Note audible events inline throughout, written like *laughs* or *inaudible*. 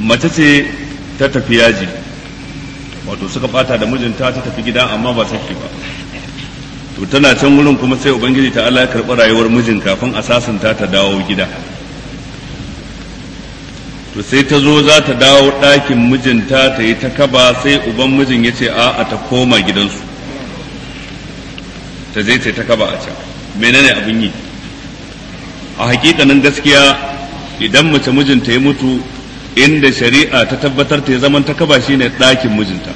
mace ce ta tafi yaji wato suka bata da mijinta ta tafi gida amma ba sake ba to tana can wurin kuma sai ubangiji ta Allah ya karɓi rayuwar mijin kafin a sasanta ta dawo gida to sai ta zo za ta dawo ɗakin mijinta ta yi ta kaba sai uban mijin ya ce a ta koma gidansu ta zai ta kaba a can menene abin yi a hakikanin gaskiya idan mace mijinta ya mutu inda shari'a ta tabbatar ta zaman ta kaba ne ɗakin mijinta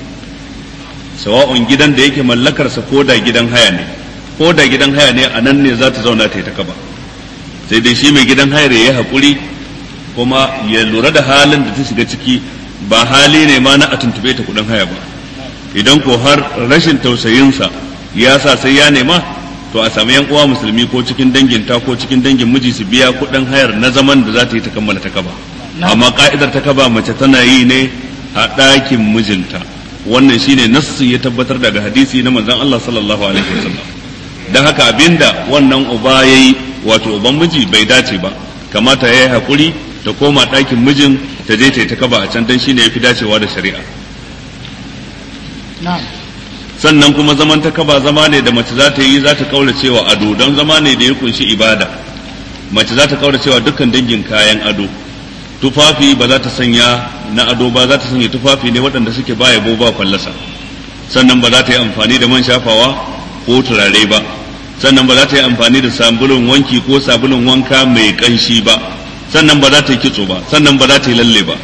sawa'un gidan da yake mallakarsa ko da gidan haya ne ko da gidan haya ne a nan ne za ta zauna ta yi ta kaba sai dai shi mai gidan hayar ya yi haƙuri kuma ya lura da halin da ta shiga ciki ba hali ne ma na a tuntube ta kuɗin haya ba idan ko har rashin tausayinsa ya sa sai ya nema to a sami yan uwa musulmi ko cikin danginta ko cikin dangin miji su biya kuɗin hayar na zaman da za ta yi ta kammala ta kaba amma ka'idar ta kaba mace tana yi ne a ɗakin mijinta wannan shine nassu ya tabbatar daga hadisi na manzon Allah sallallahu alaihi wasallam dan haka abinda wannan uba yayi wato uban miji bai dace ba kamata yayi hakuri ta koma ɗakin mijin ta je ta kaba a can dan shine yafi dacewa da shari'a sannan kuma zaman ta kaba zama ne da mace za ta yi za ta kaula cewa ado don zama ne da ya kunshi ibada mace za ta kaula cewa dukkan dangin kayan ado tufafi ba za ta sanya na ado ba za ta sanya tufafi ne waɗanda suke ba yabo ba fallasa sannan ba za ta yi amfani da man shafawa ko turare ba sannan ba za ta yi amfani da sabulun wanki ko sabulun wanka mai ƙanshi ba sannan ba za ta yi kitso ba sannan ba za ta yi lalle ba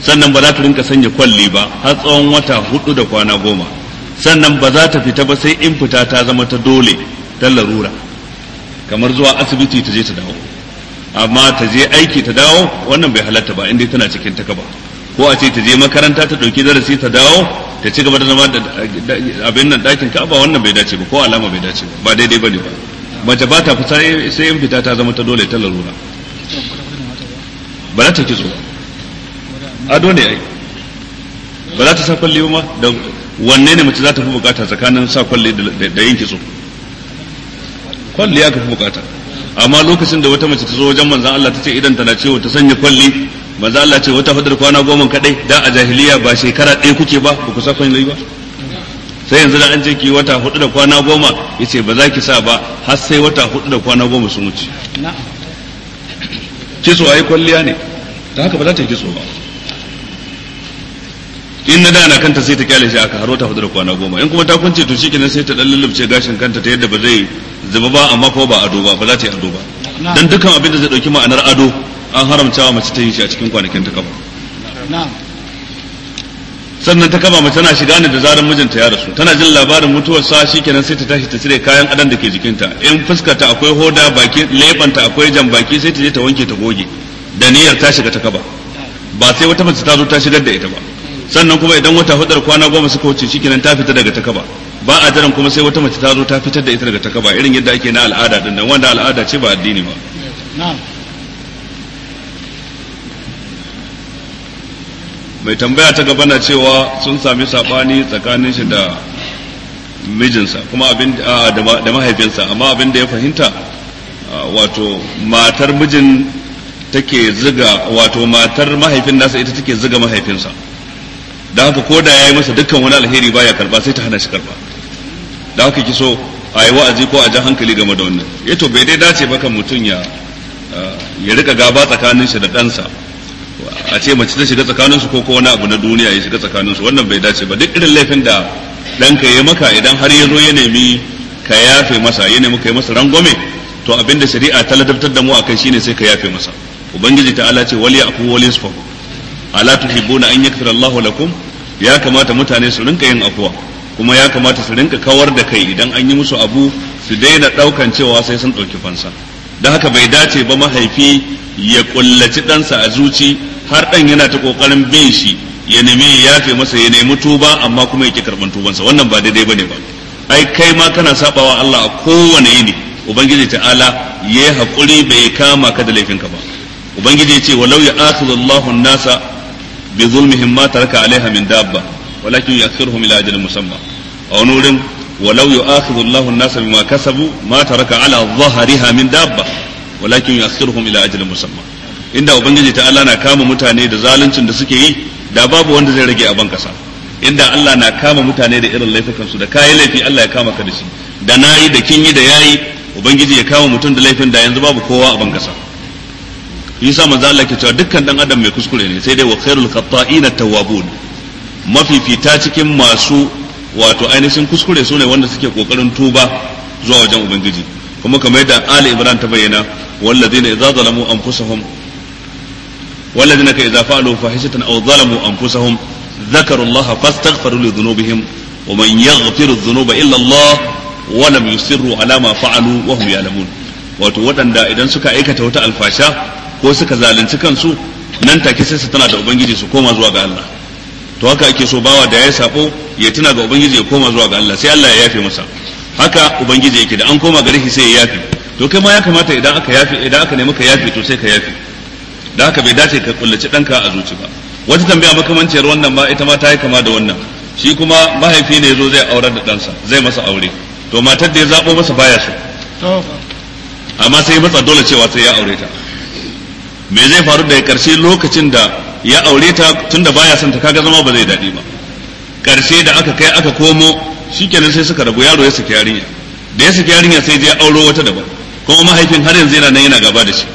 sannan ba za ta rinka sanya kwalli ba har tsawon wata hudu da kwana goma sannan ba za ta fita ba sai in fita ta zama ta dole ta larura kamar zuwa asibiti ta je ta dawo amma ta je aiki ta dawo wannan bai halatta ba inda tana cikin taka ba ko a ce ta je makaranta ta dauki darasi ta dawo ta ci gaba da zama da abin nan dakin Ka'aba wannan bai dace ba ko alama bai dace ba ba daidai bane ba mace ba ta fita sai in fita ta zama ta dole ta lalura. ba za ta kitso ado ne ai ba za ta sa kwalli ba da wanne ne mace za ta fi bukata tsakanin sa kwalli da yin kitso kwalli ya ka fi bukata amma lokacin da wata mace ta zo wajen manzan Allah ta ce idan tana ciwo ta sanya kwalli manzan Allah ce wata fadar kwana goma kadai da a jahiliya ba shekara ɗaya kuke ba ba ku sa kwalli ba sai yanzu da an ce ki wata hudu da kwana goma yace ba za ki sa ba har sai wata hudu da kwana goma sun wuce kiso ai kwalliya ne ta haka ba za ta yi kiso ba in na dana kanta sai ta kyale shi aka haro ta hudu da kwana goma in kuma ta kunce to shikenan sai ta dan lullubce gashin kanta ta yadda ba zai zuba ba amma kuma ba ado ba ba za ta yi ado ba dan dukkan abin da zai dauki ma'anar ado an haramta wa mace ta yi shi a cikin kwanakin ta kaba sannan ta kaba mace tana shiga ne da zarar mijinta ya rasu tana jin labarin mutuwar sa shikenan sai ta tashi ta cire kayan adan da ke jikinta in fuska ta akwai hoda baki lebanta akwai jan baki sai ta je ta wanke ta goge da niyyar ta shiga ta kaba ba sai wata mace ta zo ta shigar da ita ba sannan kuma idan wata hudar kwana goma suka wuce shikenan ta fita daga takaba ba a daren kuma sai wata mace ta zo ta fitar da ita daga takaba irin yadda ake na al'ada din nan wanda al'ada ce ba addini ba mai tambaya ta gaba na cewa sun sami sabani tsakanin shi da mijinsa kuma abin da mahaifinsa amma abin da ya fahimta wato matar mijin take ziga wato matar mahaifin nasa ita take ziga mahaifinsa da haka ko ya yayi masa dukkan wani alheri baya karba sai ta hana shi karba dan haka so a yi wa'azi ko a ja hankali game da wannan ya eh to bai dai dace ba kan mutum ya ya rika gaba tsakanin shi da ɗansa a ce mace ta shiga tsakanin su ko ko wani abu na duniya ya shiga tsakanin su wannan bai dace ba duk irin laifin da ɗanka ya maka idan har ya zo ya nemi ka yafe masa ya nemi ka yi masa rangwame to abin da shari'a ta ladabtar da mu a kai shine sai ka yafe masa ubangiji ta'ala ce ku ya'fu wal yasfahu ala tuhibbuna an yaghfira Allahu lakum ya kamata mutane su rinka yin afuwa kuma ya kamata su rinka kawar da kai idan an yi musu abu su daina daukan cewa sai sun ɗauki fansa Don haka bai dace ba mahaifi ya kullaci ɗansa a zuci har ɗan yana ta ƙoƙarin bin shi ya nemi ya yafe masa ya nemi tuba amma kuma ya ki karɓar tubansa wannan ba daidai ba ne ba ai kai ma kana saɓawa Allah a kowane yini ubangiji ta'ala ya yi haƙuri bai kama ka da laifinka ba ubangiji ya ce walau ya akhidhu Allahu nasa bi zulmihim ma taraka alaiha min dabba walakin yakhiruhum ila ajalin musamma a wani wurin walau yu'akhidhu Allahu an-nasa bima kasabu ma taraka ala min dabba walakin yakhiruhum ila ajalin musamma inda ubangiji ta Allah na kama mutane da zaluncin da suke yi da babu wanda zai rage a ban inda Allah na kama mutane da irin laifukan su da kai laifi Allah ya kama ka da shi da nayi da kin yi da yayi ubangiji ya kama mutum da laifin da yanzu babu kowa a ban yasa manzo Allah ke cewa dukkan dan adam mai kuskure ne sai dai wa khairul khata'ina tawwabun mafifita cikin masu wato ainihin kuskure su ne wanda suke kokarin tuba zuwa wajen ubangiji kuma kamar yadda ali ibrahim ta bayyana wallazina idza zalamu anfusahum wallazina ka idza fa'alu fahishatan aw zalamu anfusahum ذكروا الله فاستغفروا لذنوبهم ومن يغفر الذنوب إلا الله ولم يصروا على ما فعلوا وهم يعلمون wato waɗanda idan suka aikata wata alfasha ko suka zalunci kansu nan take sai su tana da ubangiji su koma zuwa ga Allah to haka ake so bawa da ya sabo ya tuna ga ubangiji ya koma zuwa ga Allah sai Allah ya yafe masa haka ubangiji yake da an koma gare shi sai ya yafe to kai ma ya kamata idan aka yafe idan aka nemi ka yafe to sai ka yafe da haka bai dace ka kullace danka a zuci ba wata tambaya makamanciyar wannan ba ita ma ta yi kama da wannan shi kuma mahaifi ne zo zai aurar da ɗansa zai masa aure to matar da ya zaɓo masa baya so amma sai matsa dole cewa sai ya aure ta me zai faru da karshe lokacin da ya aure ta tunda baya son ta kaga zama ba zai daɗi ba Ƙarshe da aka kai aka komo shikenan sai suka rabu yaro ya saki yarinya da ya saki yarinya sai je auro wata daban kuma mahaifin har yanzu yana nan yana gaba da shi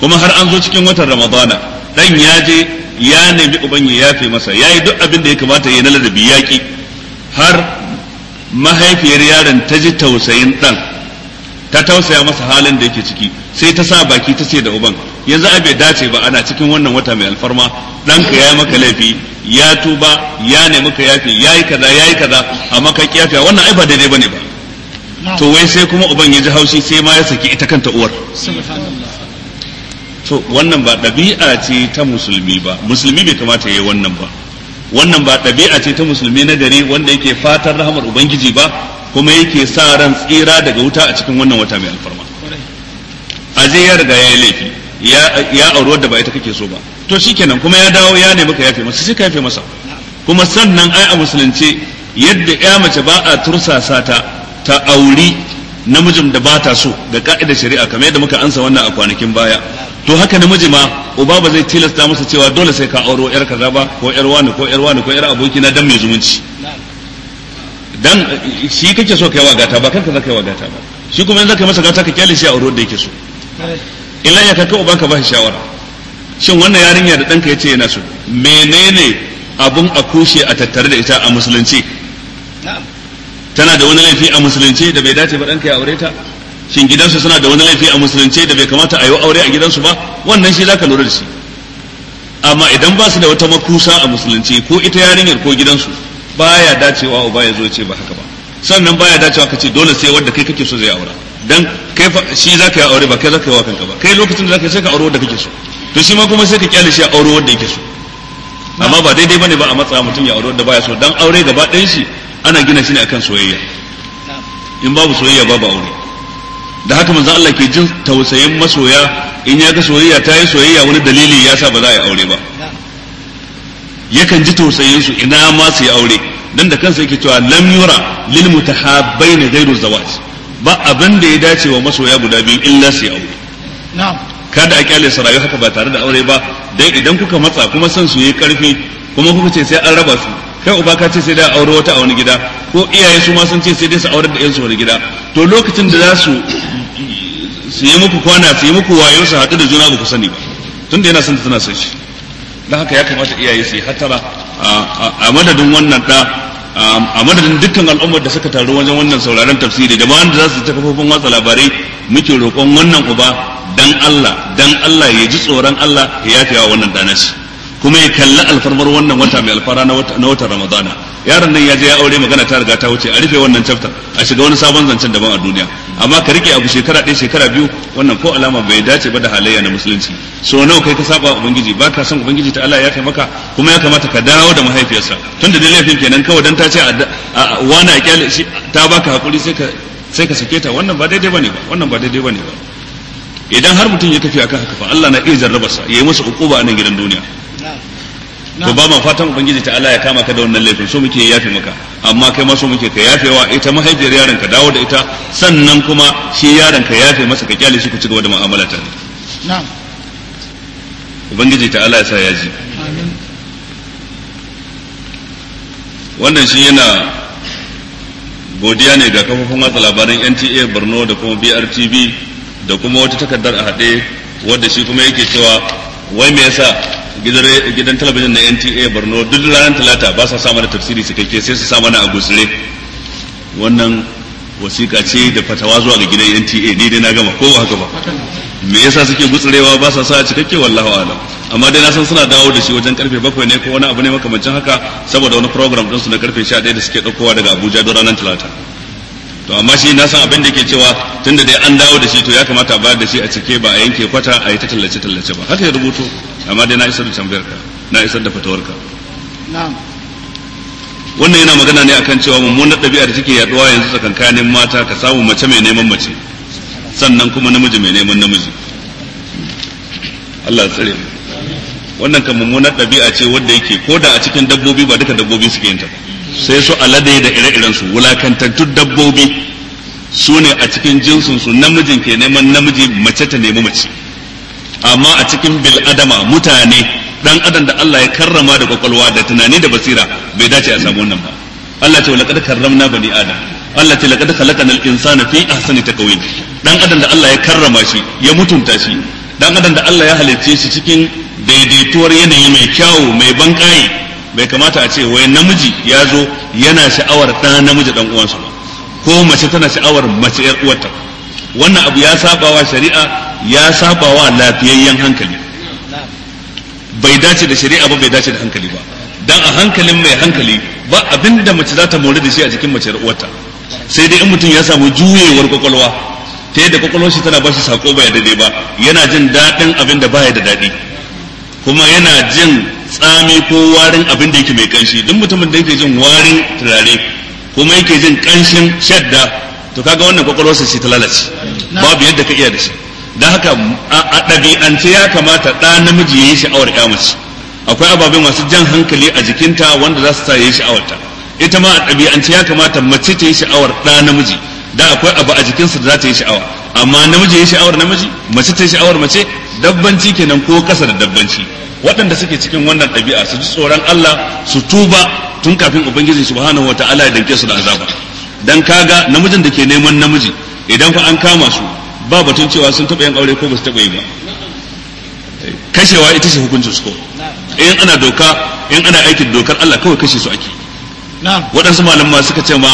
kuma har an zo cikin watan ramadana dan ya je ya nemi uban ya yafe masa ya yi duk abin da ya kamata ya na ladabi ki har mahaifiyar yaron ta ji tausayin ɗan ta tausaya masa halin da yake ciki sai ta sa baki ta ce da uban yanzu ai bai dace ba ana cikin wannan wata mai alfarma ɗanka ya yi maka laifi ya tuba ya nemi ka yafi ya yi kaza ya yi kaza amma ka ki yafiya wannan ai ba daidai bane ba to wai sai kuma uban ya ji haushi sai ma ya saki ita kanta uwar to wannan ba ɗabi'a ce ta musulmi ba musulmi bai kamata ya yi wannan ba wannan ba ɗabi'a ce ta musulmi na gari wanda yake fatan rahamar ubangiji ba kuma yake sa ran tsira daga wuta a cikin wannan wata mai alfarma aje ya riga ya yi laifi ya auri wadda ba ita kake so ba to shikenan kuma ya dawo ya nemi ka yafe masa sai ka yafe masa kuma sannan ai a musulunce yadda ya mace ba a tursasa ta ta auri namijin da ba ta so ga ka'idar shari'a kamar yadda muka ansa wannan a kwanakin baya to haka namiji ma uba ba zai tilasta masa cewa dole sai ka auro yar kaza ba ko yar wani ko yar wani ko yar aboki na dan mai zumunci dan shi kake so kai wa gata ba kanka zaka yi wa gata ba shi kuma yanzu kai masa gata ka kyale shi a auro da yake so illa ya kaka ubanka ba shi shawara shin wannan yarinya da ɗanka ya ce yana so menene abun a kushe a tattare da ita a musulunci tana da wani laifi a musulunci da bai dace ba ɗanka ya aure ta shin gidansu suna da wani laifi a musulunci da bai kamata a yi aure a gidansu ba wannan shi zaka lura da shi amma idan ba su da wata makusa a musulunci ko ita yarinyar ko gidansu baya dacewa uba ya zo ce ba haka ba sannan baya dacewa ka ce dole sai wanda kai kake so zai aura dan kai shi zaka yi aure ba kai zaka yi wa kanka ba kai lokacin da zaka yi sai ka aure wanda kake so to shi ma kuma sai ka kyale shi a aure wanda yake so amma ba daidai bane ba a matsa mutum ya aure wanda baya so dan aure gaba ɗayan shi ana gina shi ne akan soyayya in babu soyayya babu aure da haka manzo Allah ke jin tausayin masoya in ya ga soyayya ta yi soyayya wani dalili ya sa ba za a yi aure ba yakan ji tausayin su ina ma su yi aure dan da kansa yake cewa lam yura lil mutahabbaina ghayru zawaj ba abin da ya dace wa masoya guda biyu illa su aure kada a kyale su rayu haka ba tare da aure ba dan idan kuka matsa kuma son su yi karfi kuma kuka ce sai an raba su kai uba ka ce sai da aure wata a wani gida ko iyaye su ma sun ce sai dai su aure da su wani gida to lokacin da za su su yi muku kwana su yi muku wayo su haɗu da juna ba ku sani ba tunda yana son tana son shi don haka ya kamata iyaye su yi hattara a madadin wannan ɗa a madadin dukkan al'ummar da suka taru wajen wannan sauraron tafsiri da ba da za su ta kafofin watsa labarai muke roƙon wannan uba dan Allah dan Allah ya ji tsoron Allah ya yafe wa wannan danashi kuma ya kalli alfarmar wannan wata mai alfara na watan Ramadana yaron nan ya je ya aure magana ta riga ta wuce a rufe wannan chapter a shiga wani sabon zancen daban a duniya amma ka rike abu shekara ɗaya shekara biyu wannan ko alama bai dace ba da halayya na musulunci so nawa kai ka saba ubangiji ba ka san ubangiji ta Allah ya kai maka kuma ya kamata ka dawo da mahaifiyarsa tunda da laifin kenan kawai dan ta ce a wani a kyale ta baka hakuri sai ka sai ka sake ta wannan ba daidai bane ba wannan ba daidai bane ba idan har mutum ya tafi akan haka fa Allah na iya jarrabarsa yayi masa hukuba a nan gidan duniya to ba fatan ubangiji ta Allah ya kama ka da wannan laifin so muke yafe maka amma kai ma so muke ka yafewa ita mahaifiyar yaron ka dawo da ita sannan kuma shi yaron ka yafe masa ka kyale shi ku ci gaba da mu'amala ta na'am ubangiji ta Allah ya sa ya ji amin wannan shi yana godiya ne ga kafofin watsa labaran NTA Borno da kuma BRTV da kuma wata takardar a haɗe wadda shi kuma yake cewa wai me yasa gidan talabijin na NTA Borno duk ranar talata ba sa samu da tafsiri cikakke sai su sa mana a gusure wannan wasiƙa ce da fatawa zuwa ga gidan NTA ni dai na gama ko haka ba me yasa suke gutsurewa ba sa sa a cikakke wallahi alam amma dai na san suna dawo da shi wajen karfe bakwai ne ko wani abu ne makamancin haka saboda wani program din su na karfe 11 da suke daukowa daga Abuja don ranar talata to amma shi na san abin da ke cewa tunda dai an dawo da shi to ya kamata a bayar da shi a cike ba a yanke kwata a yi ta tallace tallace ba haka ya rubuto amma dai na isar da tambayar ka na isar da fatawar ka na'am wannan yana magana ne akan cewa mummunar ɗabi'a da take yaduwa yanzu tsakankanin mata ka samu mace mai neman mace sannan kuma namiji mai neman namiji Allah tsare wannan kan mummunar ɗabi'a ce wadda yake ko da a cikin dabbobi ba duka dabbobi suke yin ta ba sai su alade da ire-irensu iren wulakantattu dabbobi su ne a cikin jinsinsu namijin ke neman namiji mace ta nemi mace amma a cikin bil'adama mutane dan adam da Allah ya karrama da kwakwalwa da tunani da basira bai dace a samu wannan ba Allah ce laqad karramna bani adam Allah ce laqad khalaqnal insana fi ahsani taqwim dan adam da Allah ya karrama shi ya mutunta shi dan adam da Allah ya halicce shi cikin daidaituwar yanayi mai kyau mai bankaye. bai kamata a ce wai namiji ya zo yana sha'awar ɗan namiji ɗan uwansa ba ko mace tana sha'awar mace ƴar uwarta wannan abu ya sabawa shari'a ya sabawa lafiyayyen hankali bai dace da shari'a ba bai dace da hankali ba dan a hankalin mai hankali ba abinda mace za ta more da shi a jikin mace uwarta sai dai in mutum ya samu juyewar kwakwalwa ta yadda kwakwalwar shi tana ba shi sako bai daidai ba yana jin daɗin abin da ba ya da daɗi kuma yana jin tsami ko warin abin da yake mai kanshi duk mutumin da yake jin warin turare kuma yake jin kanshin shadda to kaga wannan kwakwalwarsa sai ta lalace babu yadda ka iya da shi don haka a ɗabi'ance ya kamata ɗa namiji ya yi sha'awar ya mace akwai ababe masu jan hankali a jikinta wanda za su sa ya yi sha'awarta ita ma a ɗabi'ance ya kamata mace ta yi sha'awar ɗa namiji da akwai abu a jikinsa da za ta yi sha'awa amma namiji ya sha'awar namiji mace ta sha'awar mace dabbanci kenan ko kasa da dabbanci waɗanda suke cikin wannan ɗabi'a su ji tsoron Allah su tuba tun kafin ubangiji subhanahu ta'ala ya danke su da azaba dan kaga namijin da ke neman namiji idan fa an kama su ba batun cewa sun taɓa yin aure ko ba su taɓa yi ba kashewa ita ce hukuncin su ko in ana doka in ana aikin dokar Allah kawai kashe su ake waɗansu malamma suka ce ma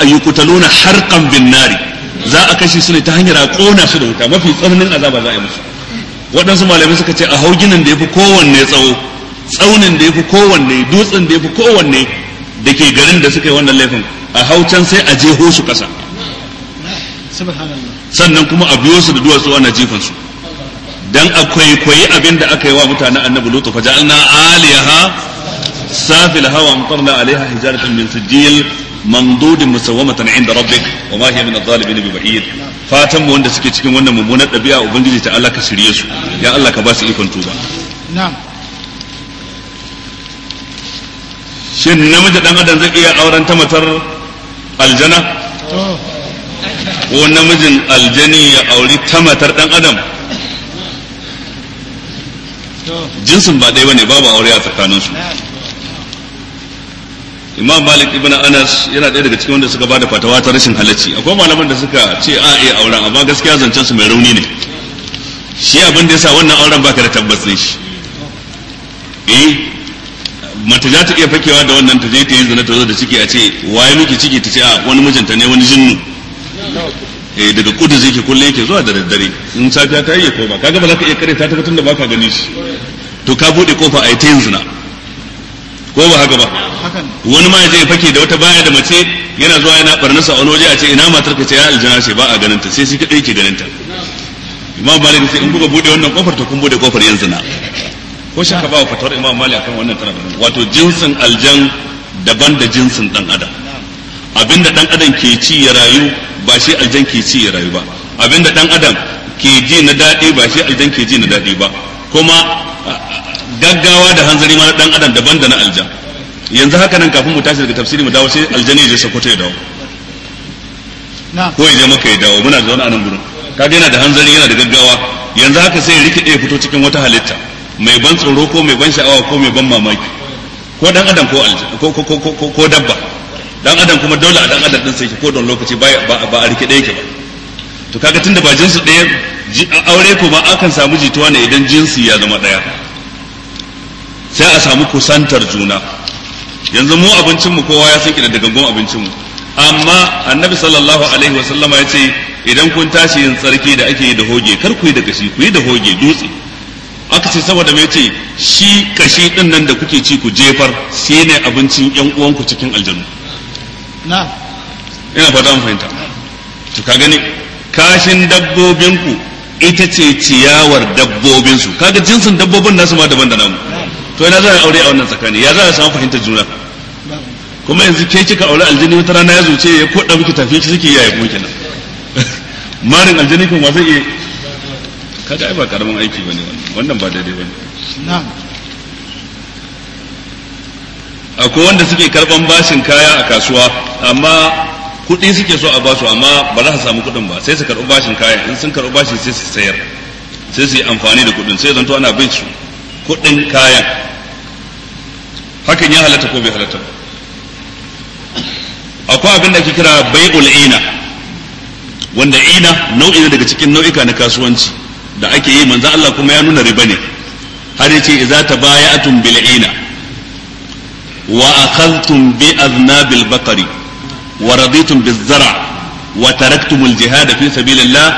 ayyukutaluna harqan bin nari za a kashe su ne ta hanyar a kona su da wuta mafi tsananin azaba za a yi musu waɗansu malamai suka ce a hau da ya fi kowanne tsawo tsaunin da ya fi kowanne dutsen da ya fi kowanne da ke garin da suka yi wannan laifin a haucan sai a jeho su ƙasa sannan kuma a biyo su da duwatsu ana jifan su dan a kwaikwayi abin da aka yi wa mutanen annabi lutu fa ja'alna aliyaha safil hawa amtarna alaiha hijaratan min sijil mamdudin musawwamatan inda rabbik wa ma hiya min adh-dhalimin bi ba'id fatan wanda suke cikin wannan mummunar dabi'a ubangiji ta Allah ka shirye su ya Allah ka ba su ikon tuba shin namiji dan adam zai iya auren ta aljana ko namijin aljani ya auri ta dan adam jinsin ba ɗaya bane babu aure a tsakaninsu imam malik ibn anas yana ɗaya daga cikin wanda suka bada fatawa ta rashin halacci akwai malaman da suka ce a a eh, auren amma gaskiya zancen su mai rauni ne shi abin da yasa wannan auren baka da tabbas ne shi eh mata za ta iya fakewa da wannan ta je ta yi zina ta zo da ciki a ce waye miki ciki ta ce a wani mijinta ne wani jinnu eh daga kudu zai ke kullum yake zuwa da daddare in safiya ta yi ko ba kaga ba za ka iya kare ta tabbatar da baka gani shi to ka bude kofa a yi ta yin zina ko ba haka ba wani ma je fake da wata baya da mace yana zuwa yana barnasa a wani waje a ce ina matar ka ce ya aljana ce ba a ganin ta sai shi kadai ke ganin ta imam malik sai in kuka bude wannan kofar ta kun bude kofar yanzu na ko shi ka ba fatawar imam malik akan wannan tana wato jinsin aljan daban da jinsin dan adam abinda dan adam ke ci ya rayu ba shi aljan ke ci ya rayu ba abinda dan adam ke ji na daɗi ba shi aljan ke ji na daɗi ba kuma gaggawa da hanzari ma na dan adam daban da na aljan yanzu haka nan kafin mu tashi daga tafsiri mu dawo sai aljani je sokoto ya dawo ko ya je maka ya dawo muna zaune a nan gurin kaga yana da hanzari yana da gaggawa yanzu haka sai ya rikide ya fito cikin wata halitta mai ban tsoro ko mai ban sha'awa ko mai ban mamaki ko dan adam ko aljan ko ko ko ko dabba dan adam kuma dole a dan adam din sai ko don lokaci ba ba a rikide yake ba to kaga tunda ba jinsu ɗaya aure ko ba akan samu jituwa ne idan jinsi ya zama ɗaya sai a samu kusantar juna yanzu mu abincin mu kowa ya san kidan gon abincin mu amma annabi sallallahu alaihi wa sallama ya ce idan kun tashi yin tsarki da ake yi da hoge kar ku yi da kashi ku yi da hoge dutse aka ce saboda mai ce shi kashi din nan da kuke ci ku jefar shi ne abincin yan uwanku cikin aljanu na ina fata mun fahimta to ka gani kashin dabbobinku ita ce ciyawar dabbobinsu kaga jinsin dabbobin nasu ma daban da namu to yana za a aure a wannan tsakani ya za a samu fahimtar juna kuma yanzu ke kika aure aljini wata rana ya zuce ya koɗa miki tafi ki suke yaya kuma kenan *laughs* marin aljini kuma zai iya kaga ai ba karamin aiki ba ne wannan ba daidai bane ne akwai wanda suke karban bashin kaya a kasuwa amma kuɗi suke so a basu amma ba za su samu kuɗin ba sai su karɓi bashin kaya in sun karɓi bashin sai su sayar sai su yi amfani da kuɗin sai zanto ana bin su kuɗin kayan hakan ya halatta ko bai halatta akwai abin da ake kira bai'ul ina wanda ina nau'i ne daga cikin nau'ika na kasuwanci da ake yi manzo Allah kuma ya nuna riba ne har yace idza tabaya'tum bil ina wa akhadhtum bi aznabil baqari wa raditum biz zar' wa taraktumul jihad fi sabilillah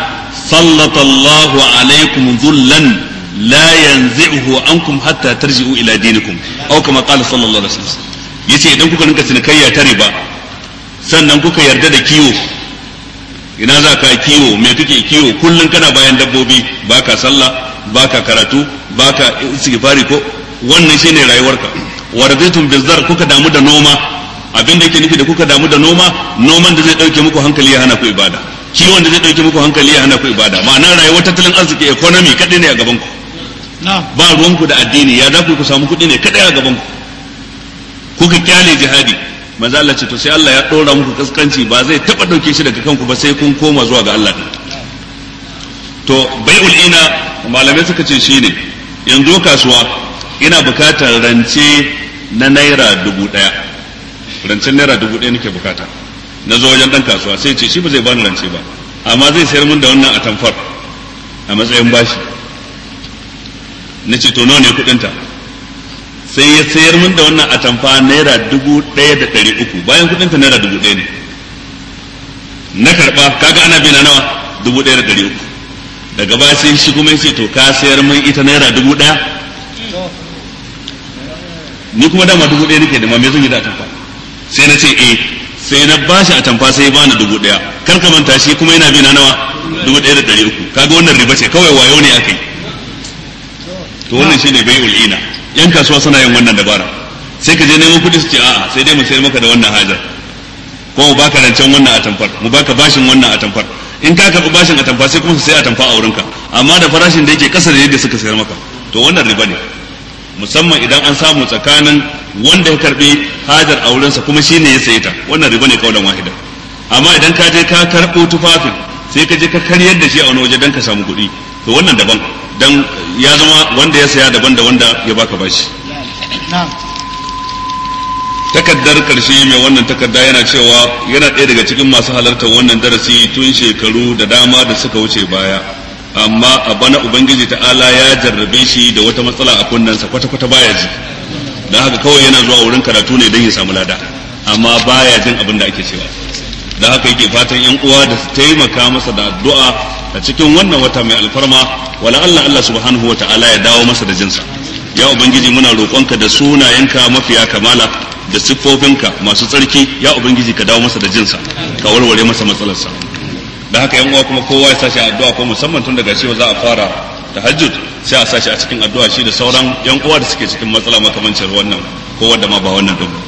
sallata Allahu alaykum dhullan la yanzi'uhu ankum hatta tarji'u ila dinikum aw kama qala sallallahu alaihi wasallam yace idan kuka rinka cinikayya ta riba sannan kuka yarda da kiwo ina za ka kiwo me kake kiwo kullun kana bayan dabbobi baka sallah baka karatu baka istighfari ko wannan shine rayuwarka waraditum bizar kuka damu da noma abin da yake nufi da kuka damu da noma noman da zai dauke muku hankali ya hana ku ibada kiwon da zai dauke muku hankali ya hana ku ibada ma'ana rayuwar tattalin arziki economy kadai ne a gaban ku ba ruwanku da addini ya za ku samu kuɗi ne kadai a gaban ku kuka kyale jihadi manzo Allah ce to sai Allah ya dora muku kaskanci ba zai taba ɗauke shi daga kanku ba sai kun koma zuwa ga Allah to bai'ul ina malamai suka ce shine yanzu kasuwa ina bukatar rance na naira dubu ɗaya rancen naira dubu ɗaya nake bukata na zo wajen dan kasuwa sai ce shi ba zai bani rance ba amma zai sayar min da wannan a tamfar a matsayin bashi na ce to nawa ne kudinta sai ya sayar min da wannan atamfa naira dubu ɗaya da ɗari uku bayan kudinta naira dubu ɗaya ne na karɓa kaga ana bina nawa dubu ɗaya da ɗari uku daga baya sai shi kuma ce to ka sayar min ita naira dubu ɗaya ni kuma dama dubu ɗaya nake da ma me zan yi da atamfa sai na ce eh sai na bashi atamfa sai ba ni dubu ɗaya kar ka manta shi kuma yana bina nawa dubu ɗaya da ɗari uku kaga wannan riba ce kawai wayo ne aka yi to wannan shine bai ul'ina yan kasuwa suna yin wannan dabara sai ka je neman kuɗi su ce a'a sai dai mu sayar maka da wannan hajar ko mu baka rancen wannan a tamfar mu baka bashin wannan a tamfar in ka karɓi bashin a tamfa sai kuma su sai tamfar a wurinka amma da farashin da yake ƙasa da yadda suka sayar maka to wannan riba ne musamman idan an samu tsakanin wanda ya karɓi hajar a wurinsa kuma shi ne ya sayi ta wannan riba ne kawai wahida amma idan ka je ka karɓo tufafin sai ka je ka karyar da shi a wani waje don ka samu kuɗi to wannan daban dan ya zama wanda ya saya daban da wanda ya baka bashi takaddar karshe mai wannan takarda yana cewa yana ɗaya daga cikin masu halartar wannan darasi tun shekaru da dama da suka wuce baya amma a bana ubangiji ta'ala ya jarrabe shi da wata matsala a kunnensa kwata-kwata baya ji don haka kawai yana zuwa wurin karatu ne don ya samu lada amma baya jin abin da ake cewa da haka yake fatan yan uwa da su taimaka masa da addu'a a cikin wannan wata mai alfarma wala Allah Allah subhanahu wa ta'ala ya dawo masa da jinsa ya ubangiji muna roƙonka da sunayenka mafiya kamala da siffofinka masu tsarki ya ubangiji ka dawo masa da jinsa ka warware masa matsalarsa da haka yan uwa kuma kowa ya sashi addu'a ko musamman tun daga cewa za a fara tahajjud sai a sashi a cikin addu'a shi da sauran yan uwa da suke cikin matsala makamancin wannan ko wanda ma ba wannan dubu